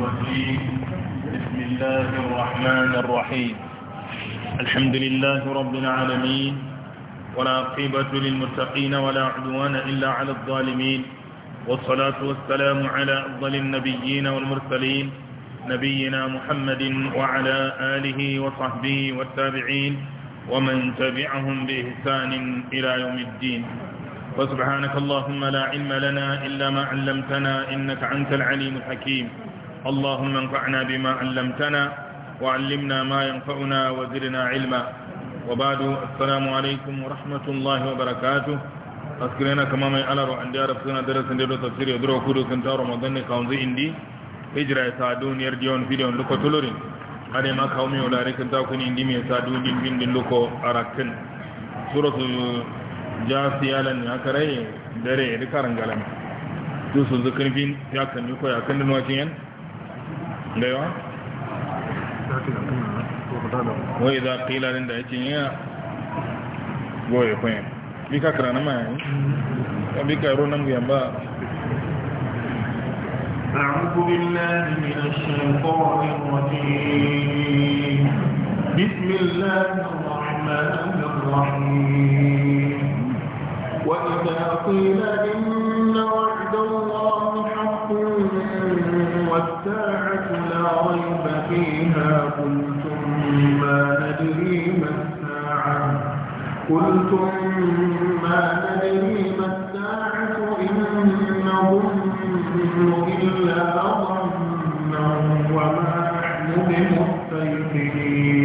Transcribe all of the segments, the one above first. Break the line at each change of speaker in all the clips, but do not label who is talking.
الرجيم بسم الله الرحمن الرحيم الحمد لله رب العالمين ولا قيبة للمتقين ولا عدوان إلا على الظالمين والصلاة والسلام على أفضل النبيين والمرسلين نبينا محمد وعلى آله وصحبه والتابعين ومن تبعهم بإحسان إلى يوم الدين وسبحانك اللهم لا علم لنا إلا ما علمتنا إنك أنت العليم الحكيم اللهم انفعنا بما علمتنا وعلمنا ما ينفعنا وزدنا علما وبعد السلام عليكم ورحمة الله وبركاته askirina kama mai alaro an da rafi suna darasin da tafsir ya duro kudu sun taro magana kawunzu indi hijira ya sadu niyar diyon bidiyon luko tulurin ade ma kawo mai wulare kan takuni indi mai sadu din bindin luko a rakin suratu ja siyalan ya kare dare ya rikarin galan su ya da yawa wai za ƙila rin da yake yin goye kwayan bika kirana ka bika ro nan guyan ba
وإذا قيل إن وعد الله حق فيها قلتم ما ندري ما الساعة قلتم ما ندري ما الساعة إن نظن إلا ظنا وما نحن بمستيقنين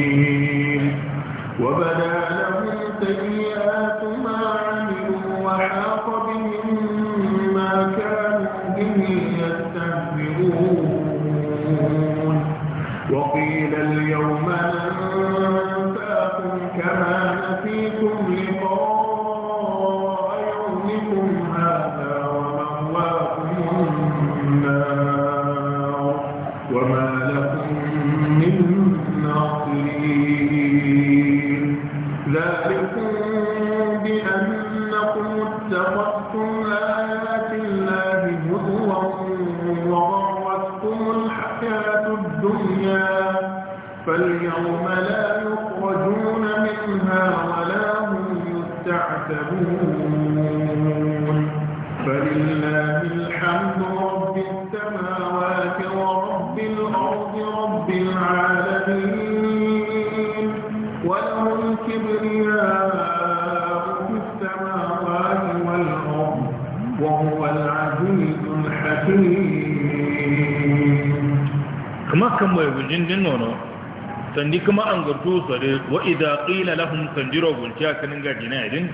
angartu sare wa idza qila lahum sanjiro guncha kanin ga jina idin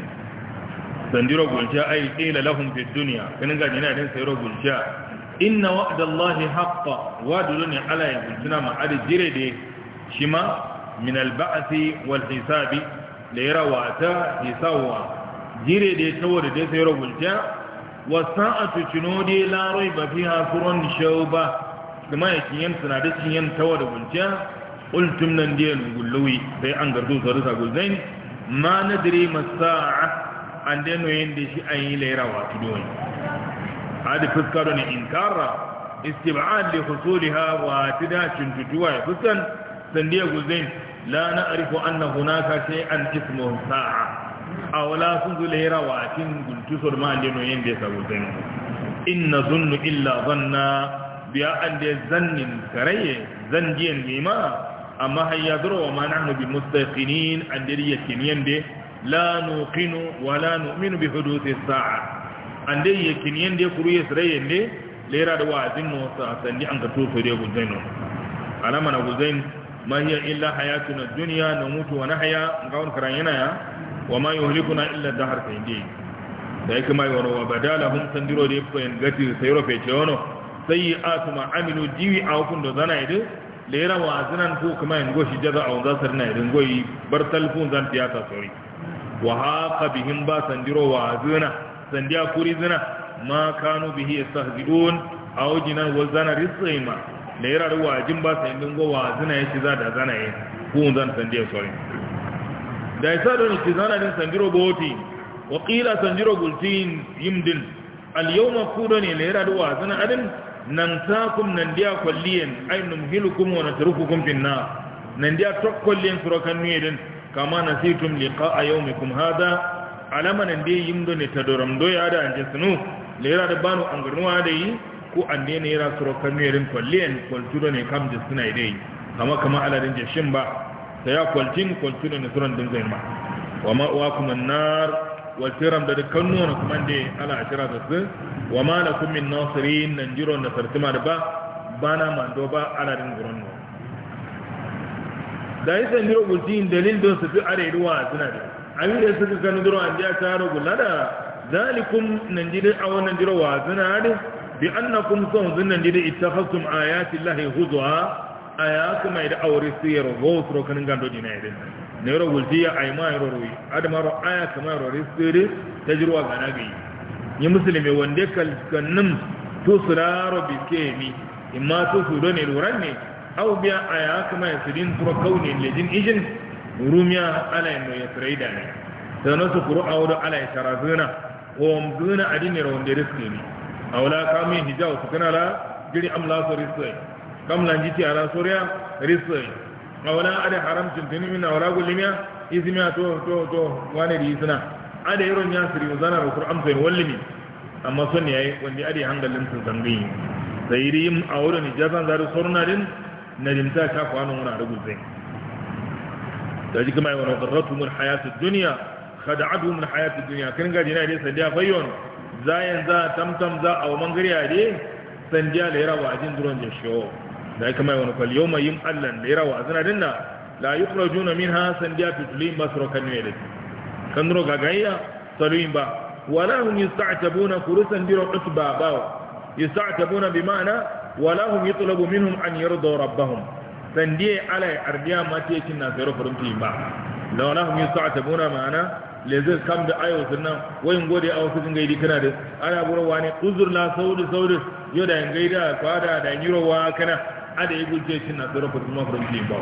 sanjiro guncha ai qila lahum fi dunya kanin ga jina idin sayro guncha inna wa'da allahi haqqan wa duluni ala yuntuna ma adi jire de shima min al wal hisabi da ya rawata hisawa jire de tawar de sayro guncha wa sa'atu chinodi la rayba fiha surun shawba kuma na da sunadin yan tawar gunciya. qultum nan diyal gulluwi sai an gardu zaru sa gulzain ma nadri masaa an deno yende shi an yi laira wa tudoni hadi fuskaro ne inkara istib'ad li husulha wa tida ya fuskan sandiya gulzain la na na'rifu anna hunaka shay'an ismuhu sa'a a wala sun zo laira wa tin gultusur ma an deno yende sa gulzain In na zunnu illa zanna biya an da zannin karaye zandiyan nema amma har ya wa ma nahnu bi mustaqinin an dai yakin yande la nuqinu wa la nu'minu bi hudusi sa'a an dai yakin yande kuru yasrai yande lera da wa'azin mu sa sandi an ka to fere guzaino alama na guzain ma hiya illa hayatuna dunya namutu wa nahya ga wani karan yana ya wa ma yuhlikuna illa dahar kai dai da yake mai wani wa badala hum de da yake gati sayro fe wono sayyi'atu ma amilu diwi a hukun da zana idu lera wa zinan ko kuma in goshi jaza a wanzar sarina irin goyi bar talfun zan tiyata sori wa haka bihin ba sandiro wa zina sandiya kuri zina ma kanu bihi yastahzi'un aw jinan wa zana ma. lera ruwa jin ba sandin go wa zina yace za da zana yi ko zan sandiya sori da isa don ki zana din sandiro boti wa qila sandiro gultin yimdin al yawma kudani lera ruwa zina adin Nan nan dia kwalliyen ay hilukum wa natrukukum fin nar suro kan surakan den kama nasitum liqa'a yawmikum hada alama nan dia yimdo ne tadoram do ya da anje sunu lera da banu angarnuwa da yi ko an ne yara surakan nuyeden kwalliyen kwaltudo ne kam da suna idai kama kama aladin jashin ba sai ya kwaltin kwaltudo ne suran zai ma wa ma'wakum an-nar wal tiram da dukkan nuna kuma ne ala ashira da su wa ma lakum min nasirin nan jiro na sartima da ba bana mando ba ala din gurin no da yi san jiro gulti dalil don su fi are ruwa suna da abin da suka gani jiro an ja taro gulla da zalikum nan jiro a wannan jiro wa suna da bi annakum sun zunan jiro ittakhasum ayati llahi huzwa ayatu mai da aure sirro go suro kan gando dinai din na yoro wultiya a yi ma yoro royi adama ro aya kama yoro risiri ta jirwa gana gayi yi wande wanda kalkannin to su raro biske mi imma to su do ne luran ne au biya aya kama ya sirin turo kaunin lejin ijin rumiya ala yin ya sirai da ne sannan su kuro a wudu ala ya tara zuna o zuna adini ro wanda riski ne a wula kamun hijabu su kana la jiri amla su risiri kamlan jiti soriya risiri a wala ada haram tuntuni min awala gullimiya izmiya to to to wani da isna ada iron ya siri zana da qur'an sai wallimi amma sun yayi wanda ada hangalin sun zangi sai rim a wurin jazan da sorna din na rimta ka kwano muna da guzai da jiki mai wani zarratu mun hayatu duniya khada'atu mun hayatu duniya kin ga dina dai sadiya fayyon zayan za tamtam za a mangariya dai sandiya da yarawa ajin duron jashiyo da kuma wani kwal yau mai yin allan da ya rawa suna dinna la yi kura juna min ha san diya fitulin ba su rokan ne da kan nuro gagayya saluyin ba wala hun yi sa'atabuna kurusan biro ɗusu ba ba yi sa'atabuna bi ma'ana wala hun yi tulabu minhum an yi rado rabbahum san diya ala ya ardiya ma ta yakin na sayar farin ba la wala hun yi sa'atabuna ma'ana lezir kam da ayo sunan wayin gode a wasu sun gaidi kana da ana burwa ne uzur la saudu saudu yau da yin gaida kwada da yin yirowa kana ada yi gulce shi na tsoro kuma kuma from jin ba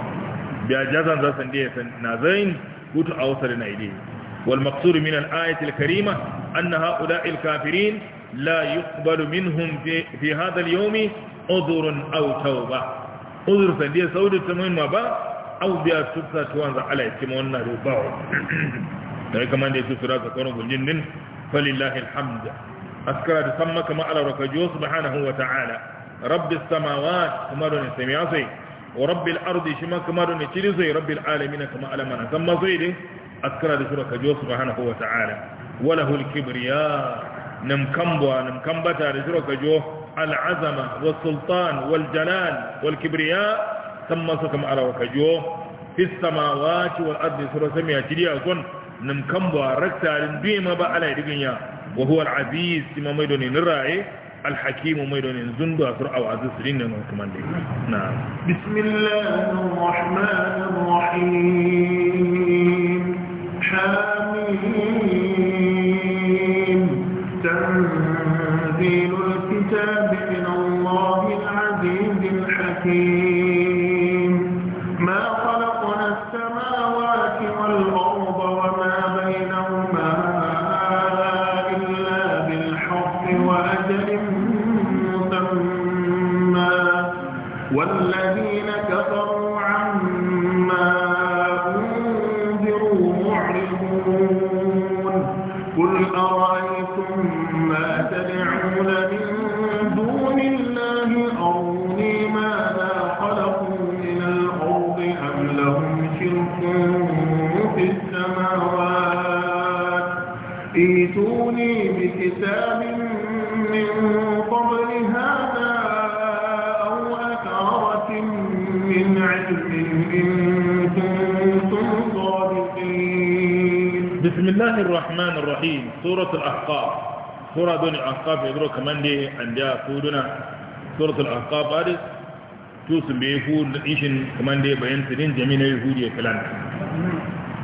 biya jazan za san san na zain gutu a wasar na ile wal maqsur min al ayat karima anna haula al kafirin la yuqbalu minhum fi hadha al yawm udhr aw tauba udhr san dai saudi ta mun ba aw biya tufsa tuwan za ala yake wannan rubawa dai kaman da yake sura ta رب السماوات كما دون سمياسي ورب الأرض شما كما دون تشريسي رب العالمين كما ألمنا كما سيدي أذكر ذكرك جو سبحانه وتعالى وله الكبرياء نمكمبا نمكمبتا ذكرك جو العزمة والسلطان والجلال والكبرياء ثم سكم على جو في السماوات والأرض سورة سمية تريكون نمكمبا ركتا لنبيما بألا دقنيا وهو العزيز ميدوني نرأي الحكيم ميدون زندو اثر او عزيز نعم
بسم الله الرحمن الرحيم حامين تنزيل الكتاب من الله العزيز الحكيم
بسم الله الرحمن الرحيم سورة الأحقاب سورة دون الأحقاب يدرو كمان دي عند سودنا سورة الأحقاب هذه توس بيفود إيشن كمان دي بين سنين جميع يهودية كلان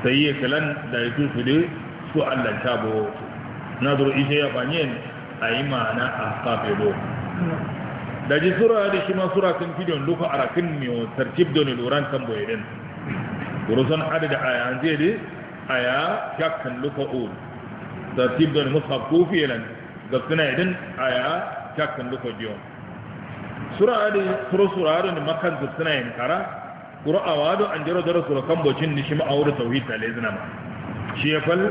سيئ كلان لا يتوس دي سوء الله شابه نظر إيشي يفانيين أي ما أنا أحقاب يدو da ji sura da shi ma sura kan fidiyon luka arakin mai tartib da ne loran tamboyi din kurusan aya shakkan lufa'ul tartib da mushaf ko fi'lan ga suna idin aya shakkan luka biyo sura ade sura sura ade makan ga suna yin kara qur'awa do an jiro darasu kan bocin ni shi ma aure tauhid ta lezina ma shi ya fal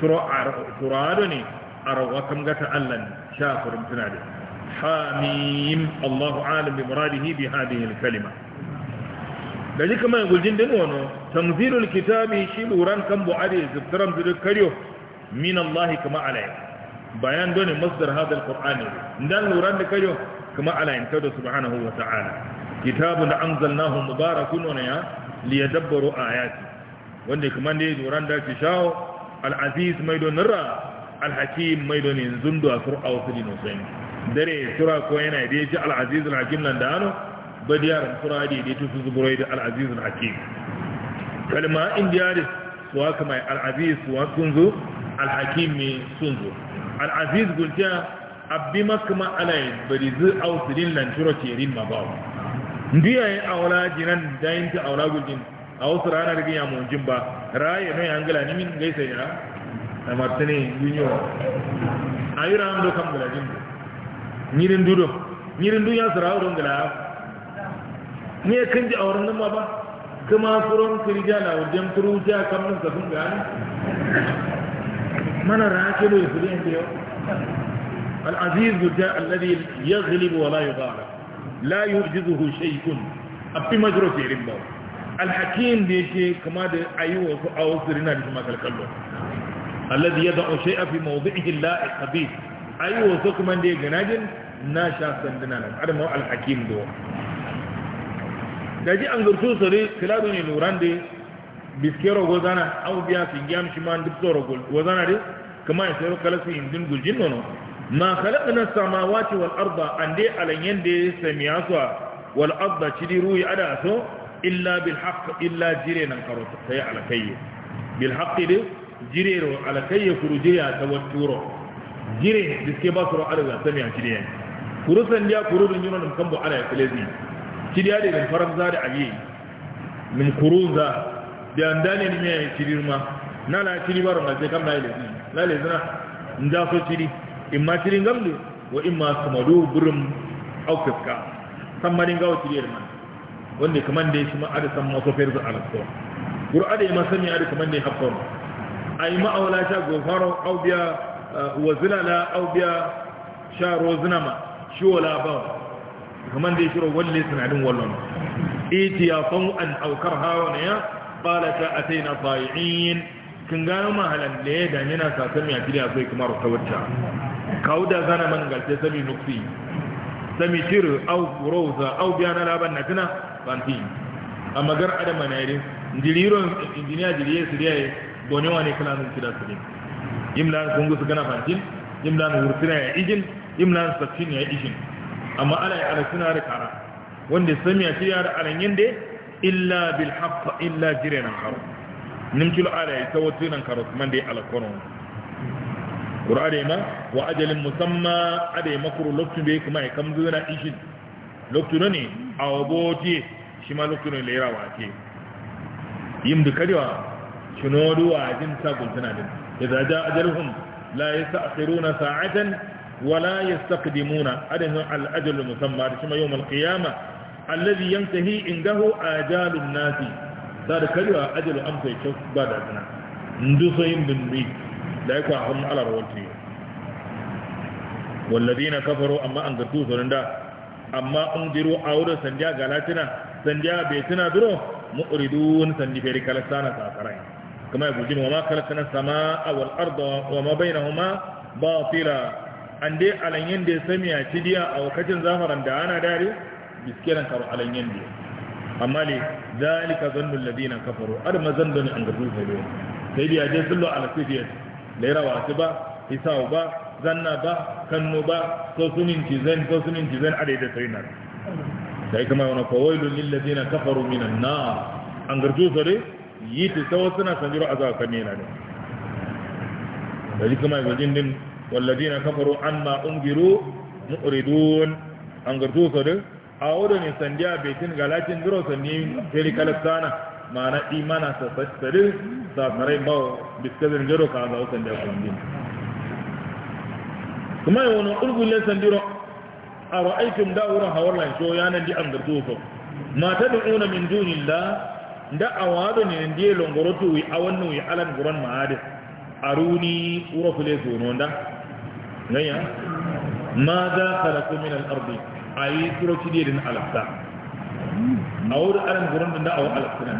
sura ade ne arwa kam gata Allah shakurin tunade حاميم الله عالم بمراده بهذه الكلمة da jika mai guljin din wano tamzilul kitabi shi luran kan bu'ari zubtaram zuri karyo min Allah kama alai bayan dole masdar hadal qur'ani dan luran da karyo kuma alai ta da subhanahu wa ta'ala kitabun anzalnahu mubarakun wa ya liyadabbaru ayati wanda kuma ne luran da ci shawo al-aziz mai donira al-hakim mai donin zundu a sur'a wasu dinosaini dare sura ko yana da ya ji al-aziz al-hakim nan da ano badiyar kuradi da tusu zuburai da al'azizun hakim kalma in diyaris suwa kuma al'aziz suwa sun zo alhakim ne sun zo al'aziz gulta abbi makama alayin bari zu ausirin lanturo cerin mabawa ndiyaye aula jinan dayin ta aula gulgin a wasu ranar gina mojin ba raye mai angala ni min gaisa ya na martini yunyo a yi ranar dokan gulajin da nyirin dudo nyirin duya su rawar gulajin ne kan ji auren nan ba kuma furon kirja na wajen turuja kan nan kafin gani
mana rake
yau العزيز جاء الذي يغلب ولا يغالب لا يعجزه شيء أبي مجرد ربه الحكيم ديكي كما دي أيوة أوصرنا بكما كالكلو الذي يضع شيء في موضعه اللائق به أيوة سكما دي جناجن ناشا سندنا لك هذا هو الحكيم دو da ji an zurtu sore kilado ne nuran de biskero gozana au biya fi gyam shi man duk tsoro gozana da kuma ya sayar kalasu indin guljin nono ma khalaqna samawati wal arda an de alanyen de samiya su wal arda cidi ruyi ada so illa bil haqq illa jire nan karo sai alakayye bil haqqi de jire ro alakayye kurujiya tawatturo jire biske ba su ro alaga samiya cidi yan kurusan dia kurudun yunon kan bo ala ya kalezi kiriya da bin faramza da abiye min kuruza da andane ne mai kirir ma na na kiri baro na ce kam na ne na le zina nda so kiri in ma kirin gamdu wa in ma samadu burum au fiska san marin gawo kiriyar ma wanda kaman da shi ma ada san maso ferzu alko qur'ani ma sami ada kaman da hakkon ai ma aula ta faro au biya wa zilala au biya sharo ma. shi wala ba kaman dai shiro walle sanadin wallon iti ya fau an aukar hawa ne ya bala a sai na fa'i'in kin gano mahalan da ya dami na sasan ya fili a sai kuma ta wacce kawo da zana man galce sami nuksi sami shiru au rosa au biya na laban na tuna banti a magar adama na yare jiriron injiniya jiriye su bone bonewa ne kila nun kida su ne yimlan kungu su gana bantin yimlan wurtina ya ijin yimlan sassin ya ijin amma ala ya ala suna da kara wanda sami shi ya da alan yande illa bil haffa illa jiran karo nimtul ala ya tawatu nan karo da ya ala kono qur'ani ma wa ajalin musamma adai makru loktu bai kuma ya kam zuwa ishin loktu ne awbote shi ma loktu ne lera wa ke yim da kadewa shino jinta gultuna sa guntuna din idza ja ajaluhum la yasta'khiruna sa'atan ولا يستقدمون أده الأجل المسمى كما يوم القيامة الذي ينتهي عنده آجال الناس هذا كلها أجل أمس يشوف بعد أثناء ندوسين بن لا يكون أحد على روالتي والذين كفروا أما أنقذوا سرندا أما أنذروا أورا سنجا غلاتنا سنجا بيتنا درو مؤردون سنجي في كالسانا ساكرين كما يقول وما خلقنا السماء والأرض وما بينهما باطلا an dai alanyen da ya sami a cidiya a wakacin zafaran da ana dare biskiran karo alanyen da amma ne zalika zannun ladina kafaru ar mazandan an gasu sai sai biya je sullo ala sifiyat laira wasu ba hisaw ba zanna ba kanno ba so sunin cizan so sunin cizan adai da sai sai kuma wani fawailu lil ladina kafaru minan nar an garjo sai yi ta sawasuna sanjiro azaba kamina na ne da kuma gudin din والذين كفروا عما أنذروا مؤردون أنغرتو سدو أعودوا من سنجا بيتين غلاتين برو سنين تلك الثانة معنى إيمانا سسدو سافرين باو بسكبر جرو kuma سنجا كنجين ثم يقولون أرغوا لي سنجرو داورا هورلا شو يانا دي أنغرتو ما تدعون من دون الله da awado ne ndiye longorotu wi awannu wi alan guran maade aruni uro zononda ngaya ma za ka rasu min al'arbi a yi turoci da yadda na alafta a wuri aran gurin da na awon alafta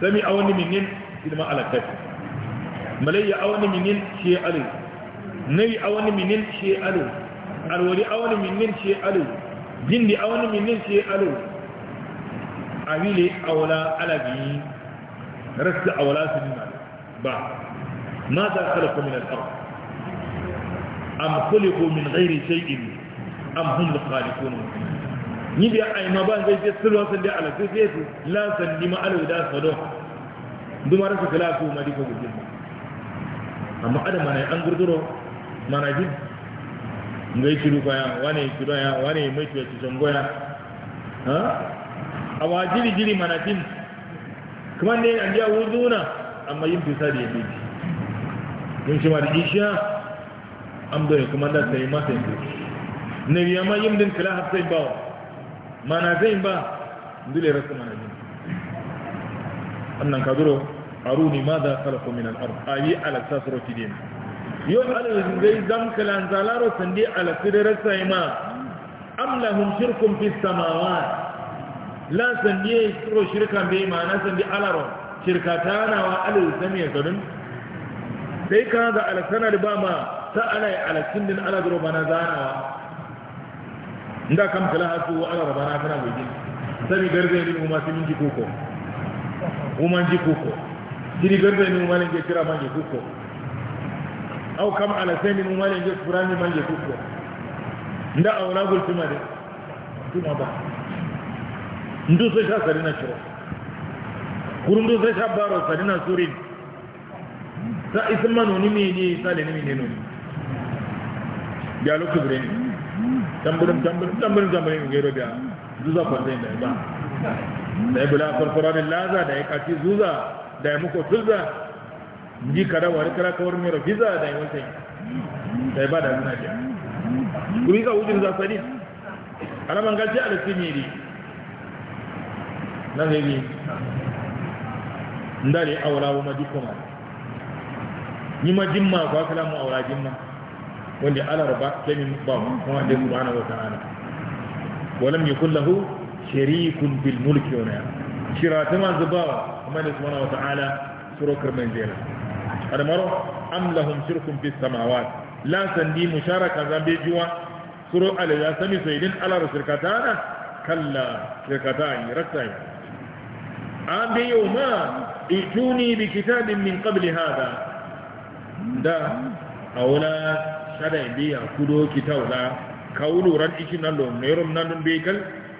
sami a wani minin ilma alafta malayya a wani minin shi alu nari a wani minin shi alu alwali a wani minin shi alu jindi a wani minin shi alu a wile a wala alabi rasu a wala su ba ma za ka rasu am khuliqu min ghairi shay'in am hum al-khaliqun ni bi ay ma ban zai sai sulwa san da ala sai sai la san ni ma ala da sado dumar su kala ku ma diko gudin amma adam mana an gurduro mana ji ngai shiru ya wane shiru ya wane mai tuwa ci ya ha awa jiri jiri mana tin kuma ne an ja wuduna amma yin fisa da yake mun shi ma da isha Am ya kuma da sai ma sai ne ya ma yim din kala har sai ba mana sai ba dole rasu mana ne annan kaduro aruni madha khalaqu min al-ard ayi ala tasro tidin yo ala zai zam kala zalaro sandi ala tidar sai ma am lahum shirkum fi samawat la sandi ro shirka bai mana sandi alaro shirkatana wa ala zamiya kadun sai ka ga ala sanar ba ma sa ala ya ala din ala da robana zanawa inda kam kala hasu ala robana kana gogi sami garbe ni kuma sun ji koko kuma ji koko siri garbe ni kuma ne ke kira ma ji koko au kam ala sai ni kuma ne ke kura ni man ji koko inda aula gultuma ne kuma ba ndu sai sha sarina kiro kurundu sai sha baro sarina surin sa isman ni mi ni sale ni mi ne no biya lokacin bire ne tamburin tamburin tamburin tamburin in gairo biya zuza kwanzai da ba da ya bula farfararin laza da ya kaci zuza da ya muku tulza ji kada wari kara kawar mero fiza da ya wancan da ba da zuna biya kuri za wujin za sani alaman gaji a lafi ne nan ne ne ndare awala wa majikoma ni majimma ko kala mu awala jimma ولي على ربك كن بام وعد سبحانه وتعالى ولم يكن له شريك بالملك هنا شرات ما زبا من سبحانه وتعالى شرك من زينة هذا مرة أم لهم شرك في السماوات لا سندي مشاركة ذنب جوا سر على ياسم سيدنا على رسكتانا كلا رسكتاي رسكتاي أم يوما ائتوني بكتاب من قبل هذا ده أولاد sada biya ya kudo tauda kaulu ran ikin nan lo nerum nan dun kal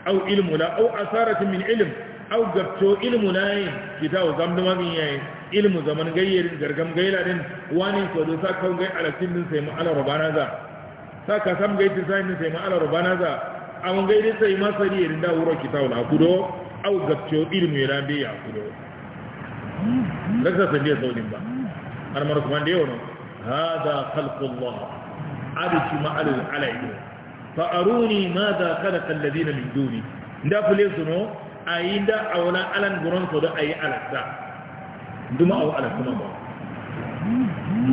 au ilmu la au asarat min ilm au gabto ilmu nay yin kitaw zamdu magin yayi ilmu zaman gayyerin gargam gayla din wani ko do sa kan gai alatin din sai mu ala rubana za sa ka sam gay din sai din sai mu ala rubana za awon gai din sai ma sari yirin da wuro kitau la kudo au gabto ilmu ya bi ya kudo lakasa sai dia saudin ba har mar kuma da yau هذا خلق الله عرش معل العلي فأروني ماذا خلق الذين من دوني دا فليسنو أين دا أولا ألن قرن صدا أي ألن دا دم أو ألن كما با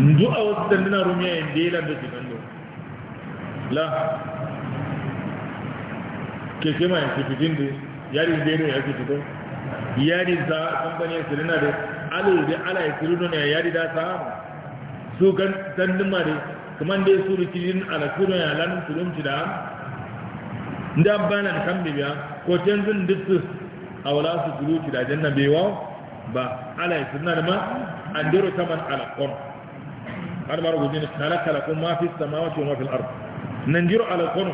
ندو أو ستندنا رميا ينديلا بسنندو لا kekema ya fitin da yarin benu ya fito yarin sa kamfani ya sirina da alul da ala ya sirinu ne yari da samu so gandumare kuma da su suru kilin ala ya lan tulum cida nda bana kambe biya ko tenzin dittu awla su tulu da janna bewa ba ala sunna ma andiro kaman ala qur har mar kala kala lakum ma fi samawati wa ma fil ard jiro ala qur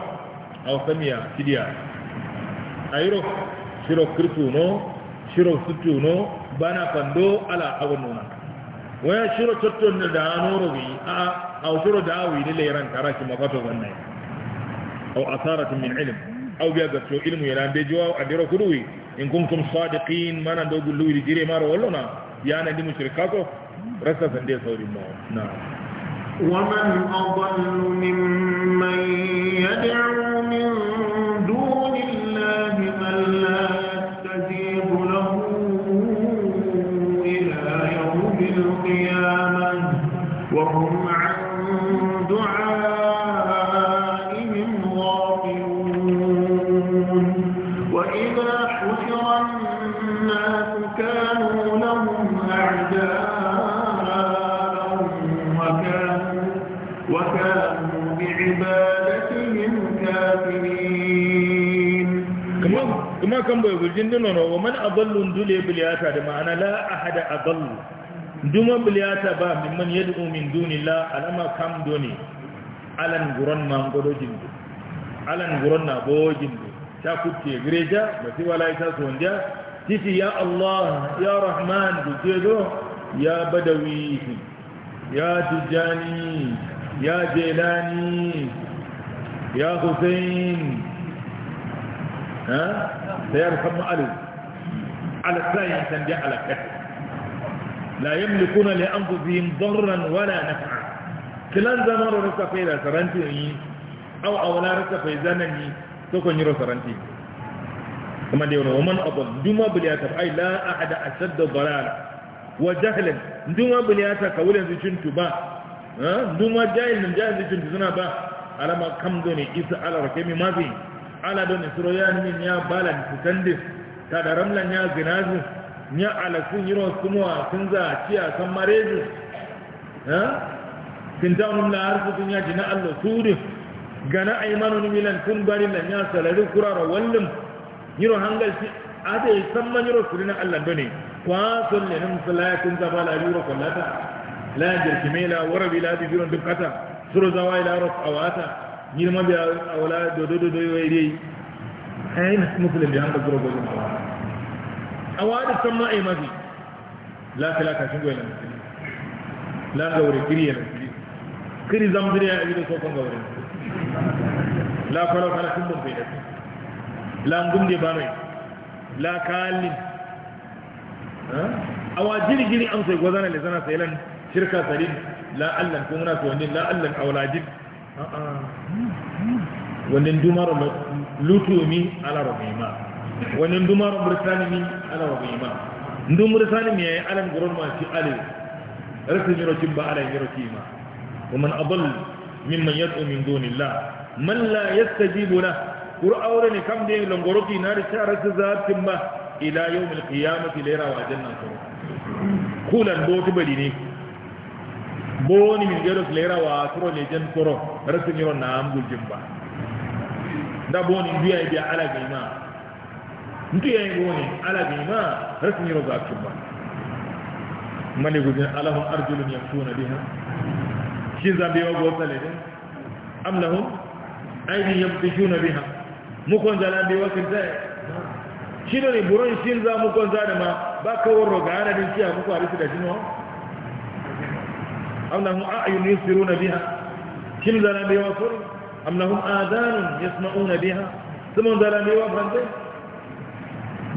aw samiya kidiya ayro shiro kirtu no shiro sutu no bana pando ala awanuna waya shiro totton da anoro bi a aw shiro awi ne le ran karaki mafato wannan aw asarat min ilm aw biya ga to ilmu yana de jiwa adiro kudu in kuntum sadiqin mana do gullu ri jire maro wallona yana di mushrika ko rasa sande sauri ma. na
ومن أضل ممن يدعو min. وهم عن دعائهم غافلون وإذا حشر الناس كانوا لهم أعداء وكانوا,
وكانوا بعبادتهم كافرين كما كان بيقول جندنا ومن أضل دولي بلياتا أنا لا أحد أضل duma biliyata ba mimman yad'u min dunillah alama kam doni alan guron man godo jindu alan guron na bo jindu ta kutte gireja, ba ti wala ita so ndia titi ya allah ya rahman du jedo ya badawi ya tijani ya jelani ya husain ha sayar khamma alu ala sayin tan dia la an li anfusihim darran wala na fa'a. kilan zamar rasa fai da saranti yi aw awla rasa fai zanani to yi yiro saranti kuma da yawa man abun duma biliyata ai la ahada ashadda dalala wa jahlan duma biliyata kawulin zucin tuba duma jahilin jahilin zucin tuna ba alama kam do ne isa ala rake mi mafi ala don isro ya min ya balan tutandis ta da ramlan ya zinazi Ni ala kun yiro kuma kun za tiya kan mareju ha kun ta mun la arzu kun yaji na Allah su suri gana a yi aymanun milan sun bari la nya salari kurara wallum yiro hangal shi ade samman yiro kurina Allah done kwa sun ne nan salatun zabala yiro kullata la jirkimela warabi la bi biron dukata suru zawai la rof awata girma biya a wala dodo dodo yau yi dai ainihin musulun da hankali zurgozin hawa a wada san ma ai mafi la talaka shin na, la gaure kiri yana kiri zamzuri ya abi da sokon gaure la falo kana kun mun faida la ngum de ba mai la kalin a wa jiri jiri am sai gozana zana sai lan shirka sarin la allan kun na to la allan auladin a ah, a ah. wannan dumar lutu mi ala rabima wani ndumaro murtani ni ala wa ima ndu murtani mi ay alan gorol ma ci Ali. rasul ni rokim ba ala ngiro ci ima wa man adall mimman yad'u min dunillah man la yastajibu la qur awre ni kam de longoro ki na richa rasul zatim ba ila yawm alqiyamati lera wa jannan ko kulan bo to bali ni bo ni min gero lera wa tro le jan koro rasul ni ro na am gul jimba da bo ni biya biya ala ga ima goni ala bima cikin ba. mani gudin alahum arjulun yamshuna biha shin zambiwa gosale ɗen am lahum aydin yamtishuna biha mukon zalambi wakirta e shinoni buron shin za mukon zade ma ba ga ana ɗin ciya muko arisida shino am lahum ayun yusiruna biha shin zalambiwa sori am lahum adanun yasma'una biha simon wa frantai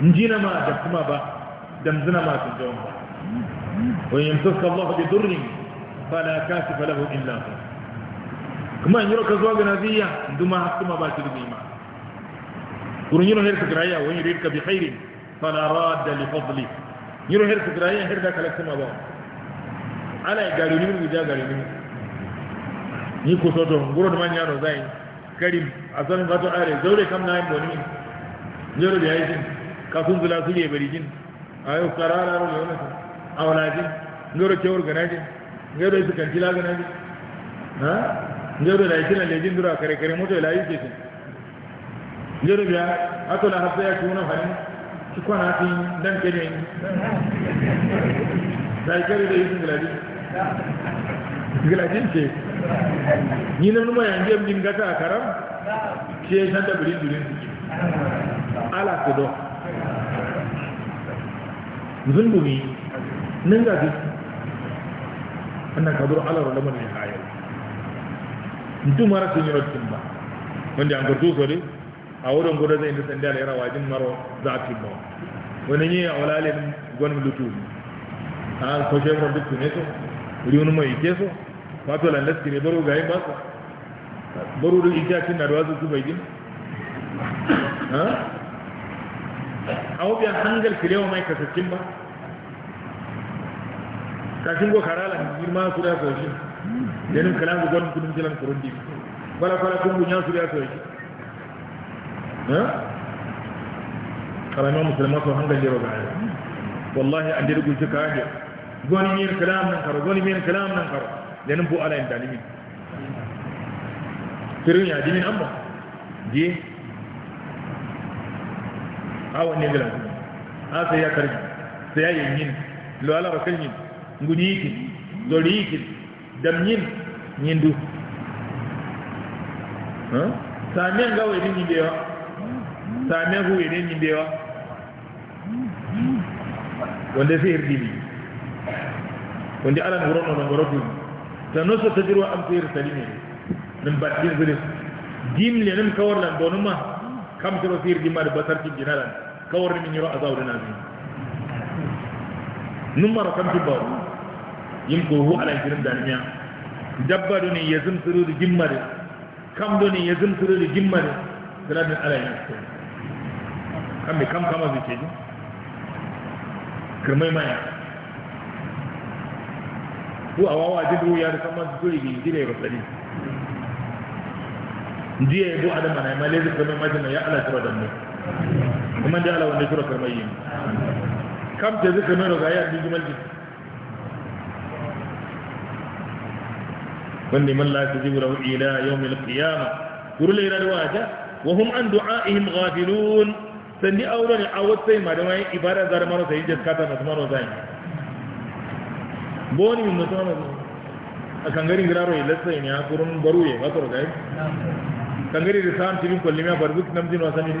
njina ma da kuma ba damzina masu jawon ba wa yin tuska Allah bi durrin ba la kasifa lahu illa ba kuma yin roka zuwa ga nabiya duma kuma ba shi da nima kurun yin hirka giraya wa yin rirka bi khairi fa la da li fadli yin hirka giraya yin hirka kalaka ma ba ala gari ni mu ja gari ni ni ku soto guro da manya no zai karim azan ba to are zaure kam na yin boni yoro bi aisin kafin zula su ne barijin ayo karara ro leona ta awalaji ngoro chewr ganaji ngoro su kan tila ganaji ha ngoro da itina lejin dura kare kare moto la yike ce ngoro biya ato la habba ya tuna hani ki kwana tin dan kene dai kare da yitin galaji galaji ce ni nan ma yanje min gata karam ce san da birin durin ala kudo zulumi nan ga duk annan kabur ala rulaman ne hayar mutum mara sun yi rotun ba wanda an garto so dai a wurin gudu zai nisan da yara wajen maro za a cimma wani ne a walalin gwanin lutu a kwashe wani duk ne so riwun mai ke so wato landaski ne baro gayin ba su baro duk ita cin na da wasu su bai gina a wabiyan hangar filewa mai kasassun ba kashin go karala girma su da soshi yanin kalan go gwan kudin jilan kurundi bala bala kun gunya su da soshi ha kalama musulman su hangal jero ga ayyar wallahi an jirgu su ka ajiyar gwanin yin kalam nan karo gwanin yin kalam nan karo yanin bu ala in dalimin tirin ya amma je awon ne gala a sai ya karfi sai ya yi yin lo ala ba kan yin nguni yiki zori kin, dam yin yin du samiyan ga wani yin bewa samiyan ku wani yin bewa wanda sai hirdi ne wanda ala nguron na nguron ku da nusa ta jirwa am sai hirdi ne nan ba din zulin dim le kawar lan donuma kam ta ma da basar cikin jinalan kawar min yiro azaw na biyu nun mara kam ti yin kohu a hu ala dabba da ne dabba do turu da gimmari kam da ne ya suru turu da gimmari min alayin yin kan kam mi kam kama zike ji kirmai maya ko awawa ruwa ya da kama zuri gi dire ko sadi ndiye bo adama na male zikama majina ya ala tura ومن جعل والنشر كالميت كم تذكر منه غايات بجمل جدا ولمن لا تجيب له إلى يوم القيامة يقول لي الواجه وهم عن دعائهم غافلون سندي أولا عوض سيما دمائي إبارة زرمانو سيجد كاتا نتمانو زين بوني من نتمانو kangarin giraro ilasta ne ya kurun baruye ba to ga kangari risan tilin kullima barzuk namjin wasani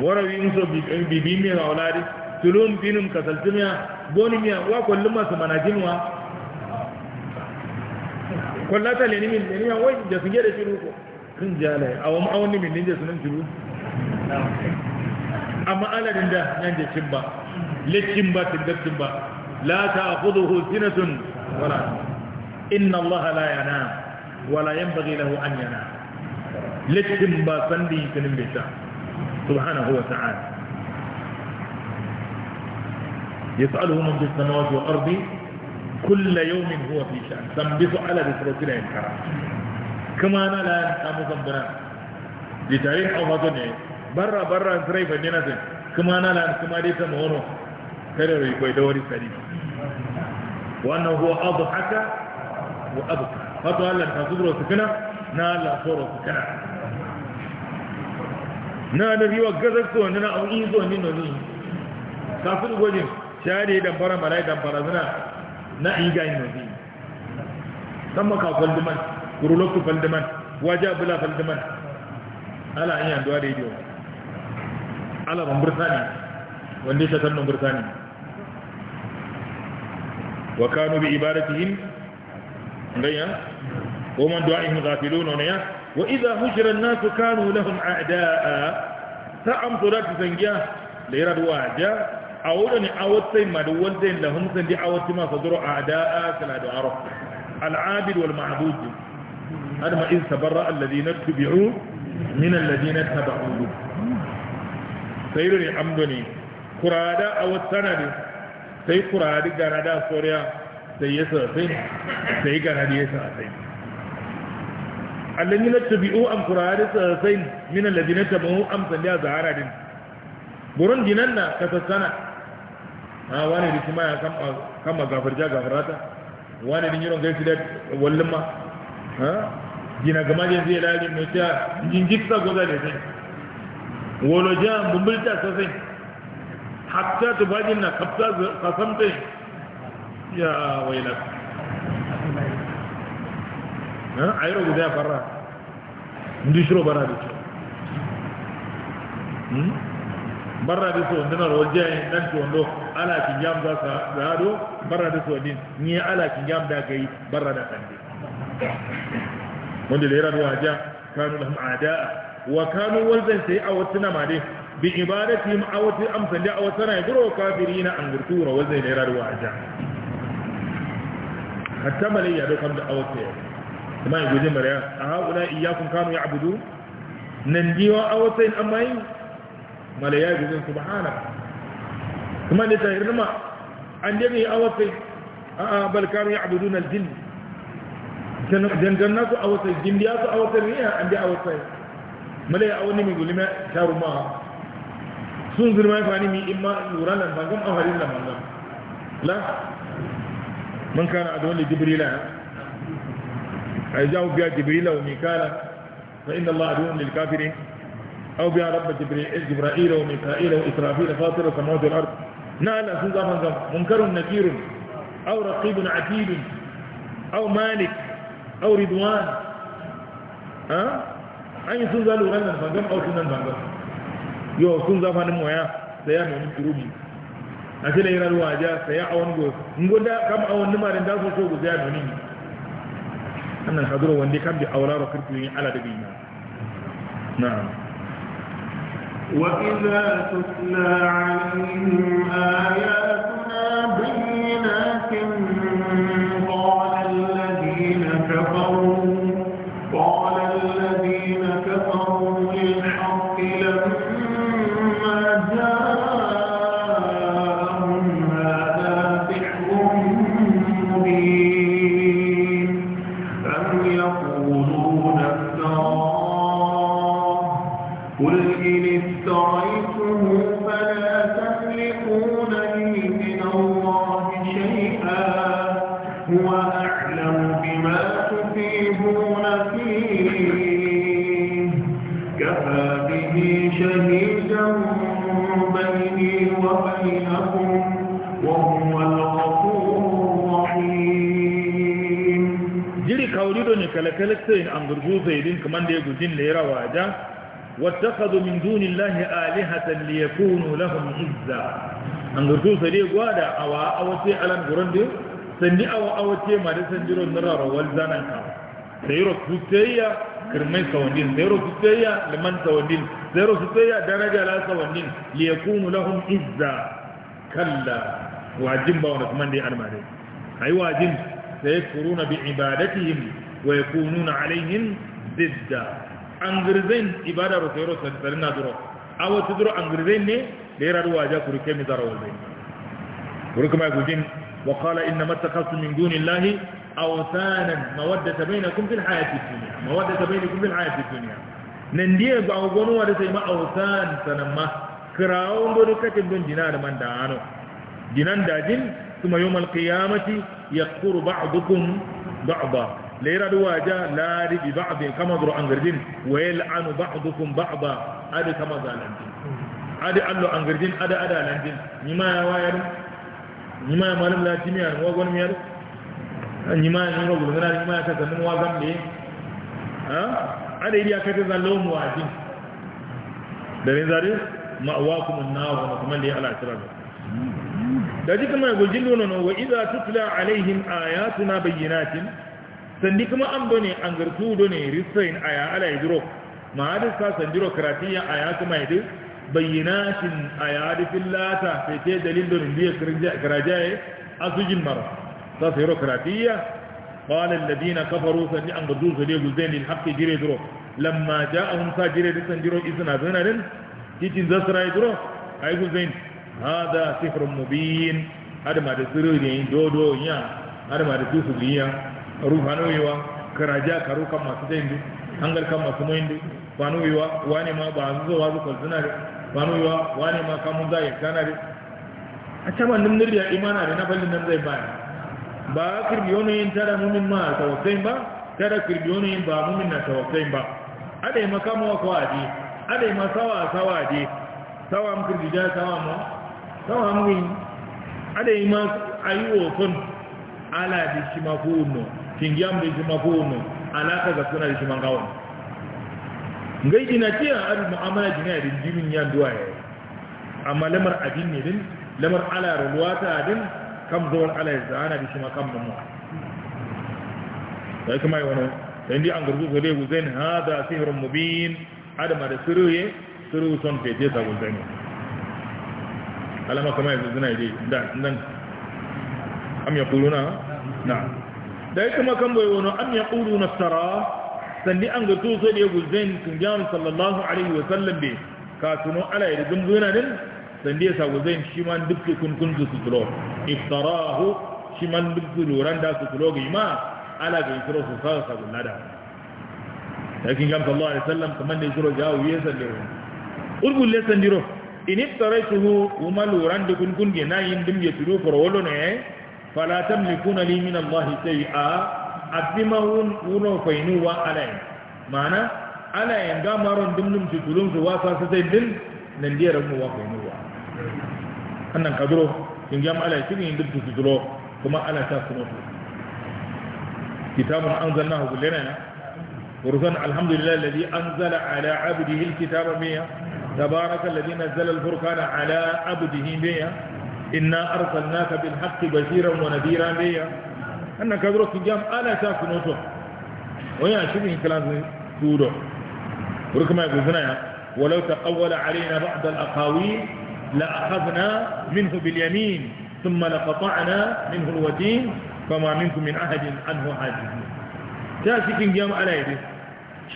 warawi muso bibimi eh, na olari tulum binum kasaltimia bonimia wa kolluma samanajinwa kollata leni min leni ya wai da sun gere shiru ko kun jale awam awon min ninje sunan shiru amma aladin da nan je cimba lecin ba tindar cimba la ta'khudhuhu sinatun wala inna allaha la yanam wala yanbaghi lahu an yanam lecin ba sandi tunin bita سبحانه وتعالى يسأله من في السماوات والأرض كل يوم هو في شأن سنبث على بسرطنا الكرام كما أنا لا ينقام سنبنا لتاريخ أو مدن برا برا سرعي فنينا سن كما أنا لا ينقام دي سمعونه كرر يكوي دوري سليم وأنه هو أضحك وأبكى هذا الله تنصدره وسكنة نال صوره وسكنة na da biwa gazar ko wani na an izo ni no ni ka su gojin share da bara malai da bara zina na iga ni ni dan maka faldiman kurulokku faldiman waja bula faldiman ala an yan duwa da ido ala ban burtani wanda ya tannan burtani wa kanu bi ibadatihim ngaya ko man du'a in ghafilun ne ya wa idza hujira an-nasu kanu lahum a'daa ta amsura ta sangiya da yi da waja a wurin awatsai ma da wanda yin lahum san di awatsi ma sadru a'daa kana da arab al-abid wal ma'bud hada ma in tabarra alladhina tubi'u min alladhina tabu'u sayyidul amdani kurada awatsana ne sai kuradi garada soriya sai yasa sai sai garadi yasa sai allani na tabi'u an kurari sassai min allazi na tabi'u an sanda zahara din burin dinan na ka sassana a wani da shi ma ya kama gafarja gafarata wani din yiron gaisi da wallin ma Dina gama jin zai lari mai ta jingitsa goza da sai wolo ja bumbulta sassai hatta tubajin na kafta kasamtai ya wailata ayro guda farra ndishro bara bi hmm barra bi so ndana roje dan to ndo ala ki jam za su zado barra da so din ni ala ki jam da yi barra da kan wanda da yara da waja kanu lahum adaa wa kanu walzan sai a wata ma dai bi ibadatihim a wata amsan da a wata na yadro kafirina an gurtu walzan da yara da waja hatta malayya da kam da a wata yau kuma ya guje mara a haƙuna iyakun kanu ya abudu nan diwa a wata yin amma yi mala ya guje su ba hana kuma da tahir nima an dai yi a wata a bal kanu ya abudu na jin janganna su a wata jin biya su a wata riya an dai a wata yi mala ya awon nimi gulima sharu ma sun zurma ya fani mi in ma lura nan bangam a harin nan bangam la man kana adon li jibrila فيجاءوا بها جبريل وميكالا فإن الله عدوهم للكافرين أو بها رب جبريل, جبرائيل وميكائيل وإسرافيل فاطر السماوات الأرض نالا نعم، سوزا منزم منكر نكير أو رقيب عتيد أو مالك أو رضوان ها أي سوزا لغانا منزم أو سنان منزم يو سوزا يا سيامي من كروبي a shi da yi raruwa ja sai ya awon go ngoda kam awon annan hadura wanda kan bi auraro kirkulin ala da bina na'am
وإذا تتلى عليهم آياتنا بينات قال الذين كفروا قال
yastahin an gurgu zaidin kaman da ya gudin da ya rawa ja wattakhadhu min dunillahi alihatan liyakunu lahum izza an gurgu zaidin gwada awa awace alan guran da sandi awa awace ma da san jiro na rawal zanan ka sayro kutayya kirmai sawandin sayro kutayya liman sawandin ro kutayya daraja la sawandin liyakunu lahum izza kalla wajin ba wannan kuma dai almare ai wajin sayfuruna bi ibadatihim wa alayhin alaihim didda angirzen ibada ro sayro sarina duro A awo tudro angirzen ne da ya ruwa ja kuri kemi zara wal bai kuri kuma gujin wa qala inna mattaqasu min dunillahi awsanan mawaddata bainakum fil hayati dunya mawaddata bainakum fil hayati dunya nan diye ba gonu wa da sai ma a wasan sanan ma kirawon do katin don dinar man da ano dinan dajin kuma yawmal qiyamati yakfuru ba'dukum ba'da lera duwa ja lari bi ba'din kama zuru an gardin wa yal'anu ba'dukum ba'da adi kama zalantin adi allo an gardin ada ada lantin ni ma ya wayar ni ma malum la timiyar wa gon miyar ni ma ni ro gon ni ma ta zanin wa zambe ha ada iya ka ta zallo mu wajin da ne zare ma'awakum an-nar wa kuma li ala sirat da jikama gojin nono wa idza tutla alaihim ayatuna bayyinatin sandi kuma an bane an gartu do ne risain aya ala idro ma hadis ka sandiro karatiya aya kuma yadi bayyinatin aya di fillata sai ce dalil do biya karajaye azujin mara ta sayro karatiya قال الذين كفروا سني أن قدوس لي جزين للحق جري درو sa جاءهم ساجري رسن جرو إذن أذنر تيجين زسرا يدرو أي جزين هذا سحر مبين هذا ما تسرو لين دودو يا هذا ما تسرو لين ruhanoyewa karaja karo kan masu zaindu hangar kan masu maindu banoyewa wane ma ba zuwa zuwa zina da banoyewa wane ma kamun za ya gana da a caman nim nirya imana da na fallin nan zai bayan ba kirbiyonoyin tara mumin ma tawasai ba tara kirbiyonoyin ba mumin na tawasai ba adai makama wa kwaji adai ma sawa sawa je sawa mu kirgija sawa mu sawa mu yi ma a yi wofin ala da shi ma ko kingia mrezi mavuno alaka za kuna lishi mangawon ngai inatia ari muamala jinga ya rinjimin ya duwa ya amma lamar abin ne din lamar ala rulwata adin kam zuwan ala ya zana da shi makam mamu da ya yi wani da indi an garzu gare guzen ha da sihirin mubin adama da siruye siru son fete sa guzen alama kama ya zuzuna ya dai da nan am ya kuluna na da ya kuma kan bayo wani an ya ƙuru na tsara sandi an ga to da ya guzain tun gyanu sallallahu alaihi wa sallam bai ka tuno ala ya rigun zuwa nan sandi ya sa guzain shi ma duk ke su tulo iftarahu shi ma duk loran da su tulo ga ima ala ga isro su sa sa gullada lakin gyanu sallallahu alaihi wa sallam kamar da isro jawo ya sallero urgulle sandiro in iftaraitu hu kuma loran da kun kun ge na yin dim ya tulo farwalo ne eh? فلا تملكون لي من الله شيئا أدما ونو فينو وعلين معنى علين قامرون تقولون تتلون سواسا ستدن نندير مو وفينو أنن قدرو إن جام على شيء إن دبت تقولوا كما على تاسنو كتاب أنزلناه كلنا ورسان الحمد لله الذي أنزل على عبده الكتاب مية تبارك الذي نزل الفرقان على عبده مية إنا أرسلناك بالحق بشيرا ونذيرا بيا أنا كذرة جام ألا تاكنوتو ويا شبه كلام تودو وركما يقولنا يا ولو تقول علينا بعض الأقاويل لأخذنا منه باليمين ثم لقطعنا منه الوتين فما منكم من أحد عنه حاجز تاسك جام على يدي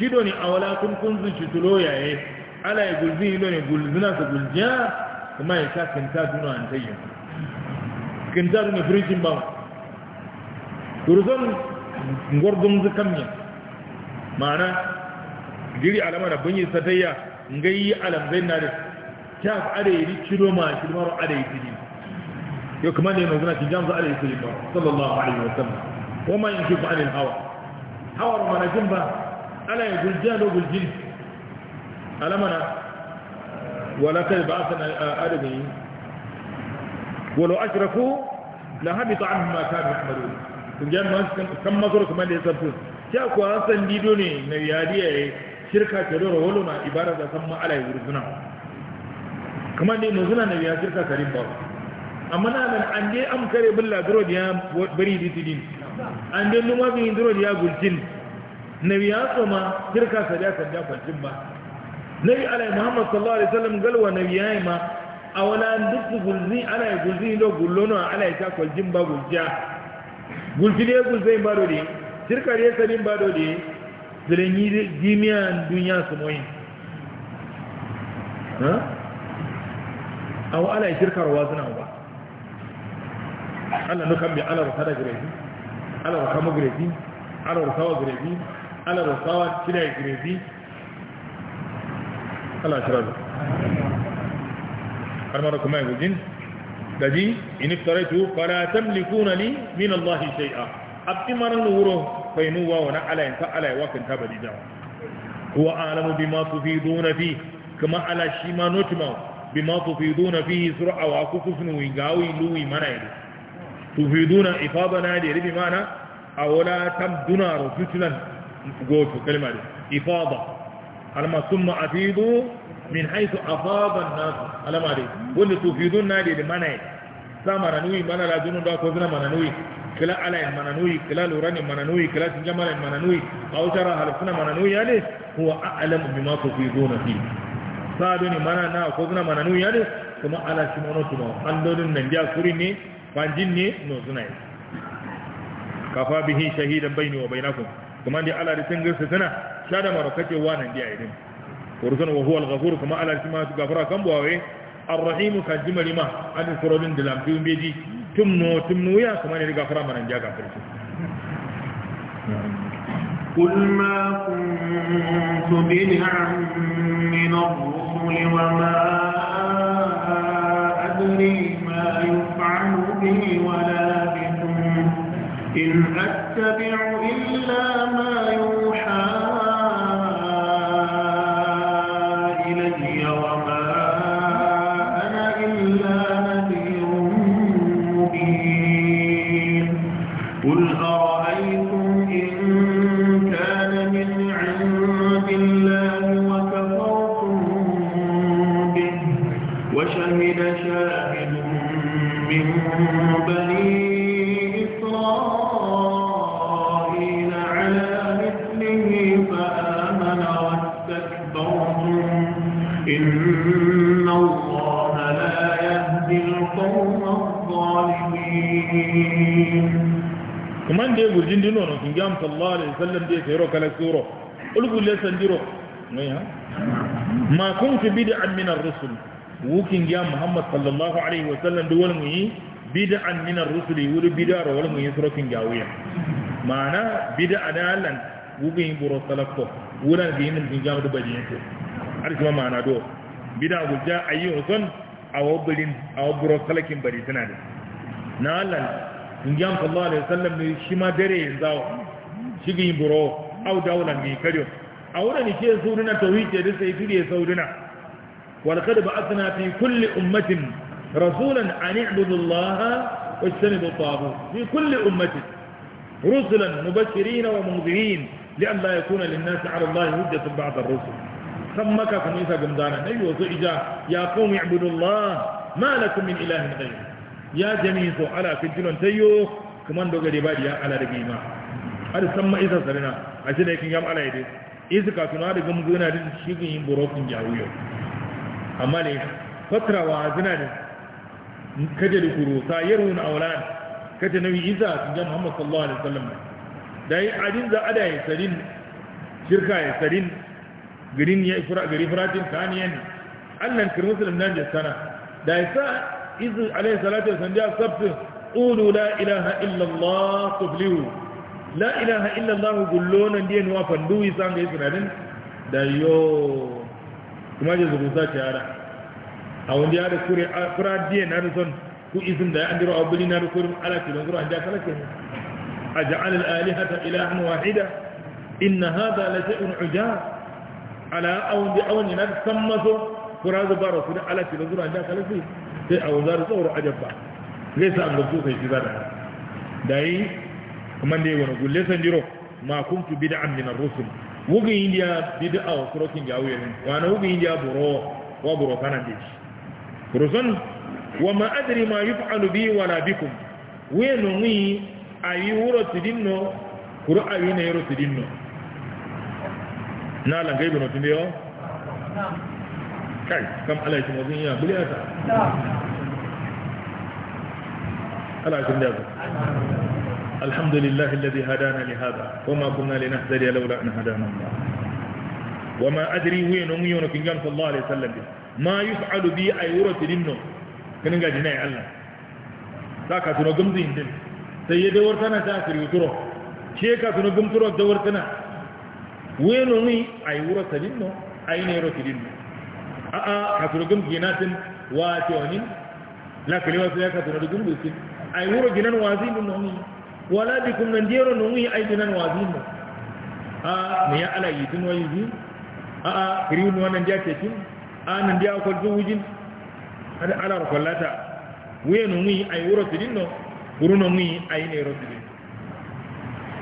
شدوني أولا كن كنز شتلو إيه ألا يقول زين لوني قل زنا سقول جاه kuma ya sha kinta duna an tayyin kinta duna firishin ba turzon gordon zukan ne ma'ana giri alama da bunyi satayya ngayi alam zai na da kyas adayi kilo ma ada yi tijin yau kuma ne mai zuna kijamsu adayi tijin ba sallallahu alaihi wa sallam. wa ma yin shi ku anil hawa hawar mana jin ba ala ya guljalo guljin alamana ولا كذب أثنى آدمين ولو أشركوا لهبط عنهم ما كانوا يعملون kun jan ma kan mazuru kuma da ya zafi ya ku hasan dido ne na yadiya ya shirka ke dora walo na ibara da san ma ala yuri suna kamar ne shirka karin ba amma na nan an dai am kare bari shirka sadiya sadiya ba nabi alai muhammad sallallahu alaihi wasallam galwa nabi yayi ma awala duk gulzi ana gulzi do gullono ana ita ko ba gulja gulzi ne gulzi ba do ne shirkar ya sanin ba do ne zilanyi jimiyan duniya su moyi ha aw ala shirkar wazna ba Allah nukan bi ala rasada gredi ala rakama gredi ala rasawa gredi ala rasawa kina gredi Allah shirazu har mara kuma yi gujin gaji in iftaraitu fala tamlikuna li min Allah shay'a abtimaran wuro bainu wa wana ala yanka ala ya wakan ta badi dawa huwa a'lamu bima tufiduna fi kama ala shi ma notima bima tufiduna fi sur'a wa kufnu wingawi luwi mana yi tufiduna ifadana da ribi mana a wala tamduna rutulan goto kalmar ifada alama summa afidu min haisu afaban nasu alama dai wanda tufidun na dai mana yi sa nuyi mana rajunun da ko zina nuyi kila alayin nuyi kila mana nuyi kila mana nuyi a wutara halittuna nuyi ya ne kuwa a'alamu bi ma tufidun fi sadu ne mana na ko zina nuyi ya ne kuma ala shi mana tuma allolin nan ja kuri ne fanjin ne no suna yi kafa bihi shahidan ne wa kuma kuma ndi ala risin girsa tana shada maro kake wanan ndi aidin ursun wa huwa al-ghafur kuma ala risin ma su gafara kan buwawe ar-rahim kan jimali ma an surodin da lamfiyun beji tumno tumno ya kuma ne gafara mana ndi aka farko قل
ما كنت بدعا من الرسل وما أدري ما يفعل بي ولا بكم إن أتبع
sendino no kingam sallallahu alaihi wasallam de kero kala suro ulgu le sendiro no ya ma kuntu bid'an min ar-rusul wukin ya muhammad sallallahu alaihi wasallam de wal muyi bid'an min ar-rusul wuri bid'ar wal muyi suro kingawiya mana bid'a dalan wukin buro salafo wuran ge min kingam do bajiye ko arjuma mana do bid'a gujja ayyuhun awabulin awburo salakin bari tana da nalan ngiyam sallallahu alaihi wasallam ne shi ma dare yanzawo shi gi buro au dawlan ne kariyo a wurin ke sununa tawhidi da sai tudiye sauduna wal qad ba'athna fi kulli ummatin rasulan an i'budu allaha wajtanibu at-taghut fi kulli ummatin رسلا مبشرين ومنذرين لأن لا يكون للناس على الله هجة بعد الرسل isa كنيسة جمدانا نيوز إجا يا قوم اعبدوا الله ما لكم من إله غيره ya jami so ala fitilon tayyo kuma doga de badi ya ala da bima ada samma isa sarina a shi da kin yam ala ide isa ka tuna da gum guna da shi gun yin burokun jawiyo amma ne fatra wa zina da kaje da kuro sa yarun aulan kaje nabi isa ga muhammad sallallahu alaihi wasallam dai adin za ada ya sarin shirka ya sarin girin ya ifra gari firatin kaniyan annan kirmusulun nan da sana da isa إذ عليه الصلاة والسلام جاء السبت قولوا لا إله إلا الله تفلحوا لا إله إلا الله قلونا دي دين وفندوي سانجا دا يو كما جاء زبوسا شهارا أو أن هذا كوري كورا دي نارسون كو إذن دا يأندروا أو بلين هذا كوري على كيلو أندرو أنجا كلا كيلو أجعل الآلهة إله واحدة إن هذا لشيء عجاب على أو أون أو نفس نارسون كورا زبارو كوري على كيلو أندرو أنجا كلا كيلو sai a wazar tsawar ajabba zai sa amurku sai shi zada da yi kuma da wani gulle san jiro ma kuntu bid'an min ar-rusul wugin indiya bid'a wa kurokin jawo yanin wani wugin indiya buro wa buro kana da shi rusul wa ma adri ma yuf'alu bi wala bikum wenu ni yi wuro tidinno kuro ayi ne yuro tidinno na langai na bino tindiyo kai kam Allah ya mazin ya biliyata Allah ya الحمد لله الذي هدانا لهذا وما كنا لنحذر لولا أن هدانا الله وما أدري وين أميون كن صلى الله عليه وسلم ما يفعل بي أي ورث لنه كن نجا جناي الله ساكا تنو قمزين دل سيدي ورثنا ساكري يترو شيكا تنو قمترو دورتنا وين أمي أي ورث لنه أي نيرة لنه a'a gum ginatin wa tewani la wasu ya ka kasurugum dusin ai wuro ginan wazin mun nomi wala bikum nan jero nomi ai ginan wazin mun a me ya ala yi tun wayi bi a'a kiriun wannan ja ce kin a nan dia ko du wujin ala rakolata wuye nomi ai wuro no wuro nomi ai ne rosidin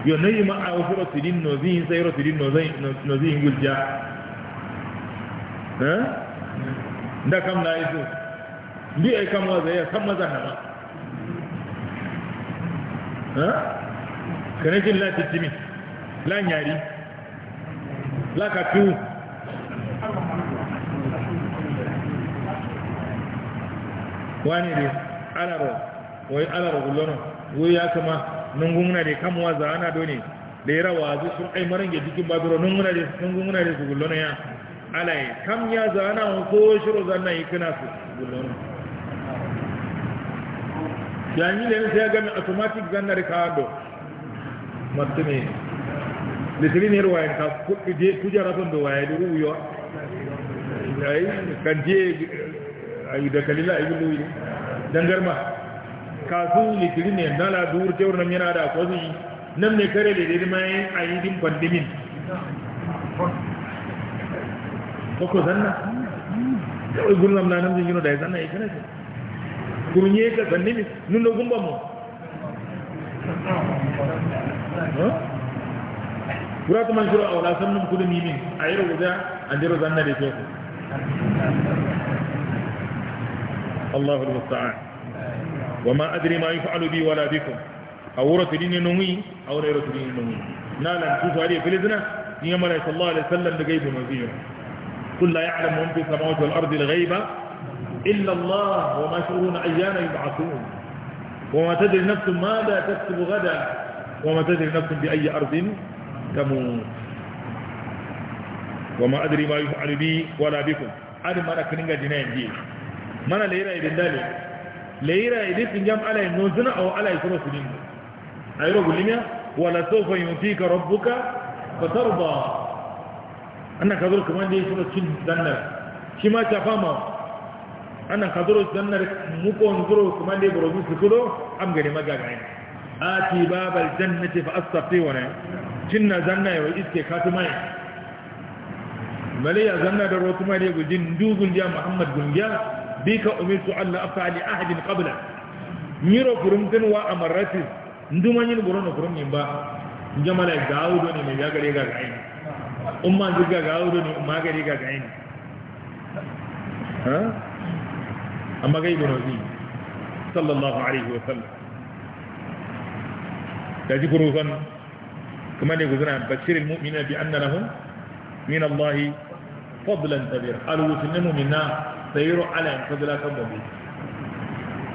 yo nayi ma a wuro no zin sai rosidin no zin no zin gulja eh da kam na yi so bi ai kam wa zai san maza hana ha kana jin la timi la nyari la ka tu wani ne alaro wai alaro gullono wai ya kama nungunguna kam wa za ana ne da ya rawa zai sun aimarin ga jikin babiro nungunguna da su gullono ya alaye kam ya zana wa ko shiru zanna ikina su gulon yanyi da sai ga automatic zanna ricardo matumi litirin irwa yin ka kujera sun da waye da ruwa yayi kan je eh, ayu da kalila ayu luyi dangarma kasu litirin ne dala dur tewar nan yana da kwazi nan ne kare da dai mai ayi din pandemin boko zanna kawai gullam na namjin gino da ya zanna ya kira ce kurunye ka sanni ne nuna gumba mu kura ta man shiro a wala sannan kudin mimin a yi rubuta an jiro zanna da teku Allahu musta'an wa ma adri ma yaf'alu bi wala bikum awra tudini numi awra tudini numi nalan tusari filizna ni amara sallallahu alaihi wasallam da gaibu mazira قل لا يعلم من في السماوات والأرض الغيب إلا الله وما يشعرون أيانا يبعثون وما تدري نفس ماذا تكتب غدا وما تدري نفس بأي أرض تموت وما أدري ما يفعل بي ولا بكم هذا ما نكرنجا جنين دي mana ليرى idin ليرى laira idin sun jam ala yin على a ala yi kuma su dinga a yi rogu limiya annan zuru kamar da ya shi cin zannar shi ma ta fama annan zuru zannar mukon zuru kamar da ya buru su kudo am gari magagayen ti babal jannati fa astafi wani cin na zanna yawa iske katumai ya zanna da rotu mai rego jin dugun jiya muhammad gungiya bi ka su allah afa ali ahadin qabla nyiro kurumtin wa amarati ndumanyin burono ne ba jamala gawo ne mai gagare gagare in ma zuga ga auro ne in magari ga gaini amma gai da nabi sallallahu alaihi wa sallam da ji kurufan kuma ne guzuna bashirin mu'mina bi anna lahum min Allah fadlan kabir alwutul mu'mina sayiru ala fadla kabir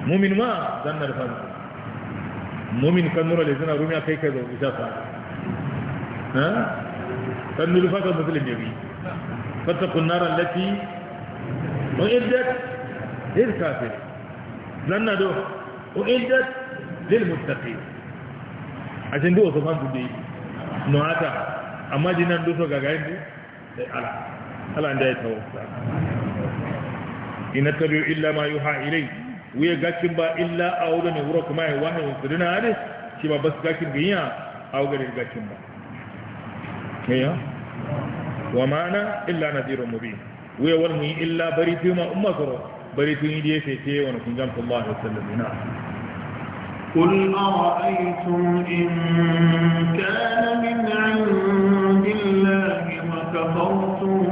mu'min ma zannar fadlan mu'min kan nura lazina rumiya kai kai zo isa fa ha sannu fasar musulun ya bi fattakun naran lati ƙu'iddat lil kafir zanna do ƙu'iddat lil mustaqi a cikin duk wasu fansu da yi nuhata amma jinan duso gagayen du sai ala ala da ya tawo ina tabi'u illa ma yi ilai Wuye gakin ba illa a wurin wuro kuma ya wahayin su dina hadis shi ba basu gakin ganyan a wurin gakin ba كيا وما أنا إلا نذير مبين ويولمي إلا بريت ما أمكر بريت يدي في تي ونكون جنب الله وسلم نعم قل
أرأيتم إن كان من عند الله وكفرتم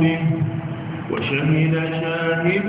به وشهد شاهد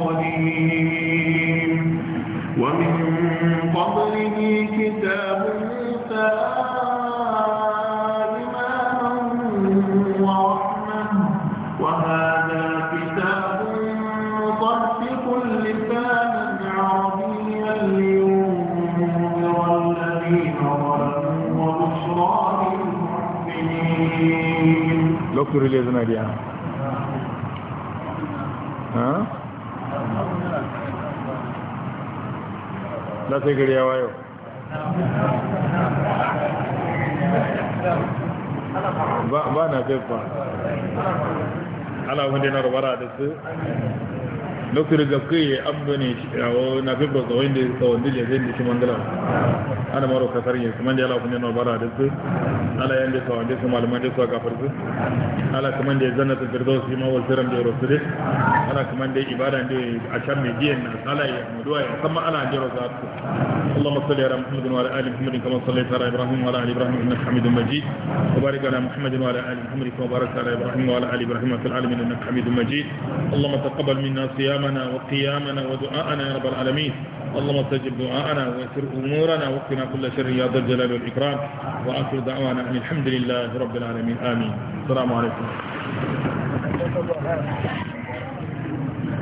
قديم ومن قبله كتاب موسى إماما ورحمة وهذا كتاب مصدق لسانا عربيا لينذر الذين ظلموا
وبشرى للمحسنين
دكتور اليزنا ديانا sai gari ya wayo ba na jefa ala wanda na rubara da su lokacin da kai an bane na fi ba tsawon da tsawon da zai da shi mandala ana maro ka sarin su manje ala ma wal siram da a ربنا كل شر يا ذا الجلال والإكرام وآخر دعوانا أن الحمد لله رب العالمين آمين السلام
عليكم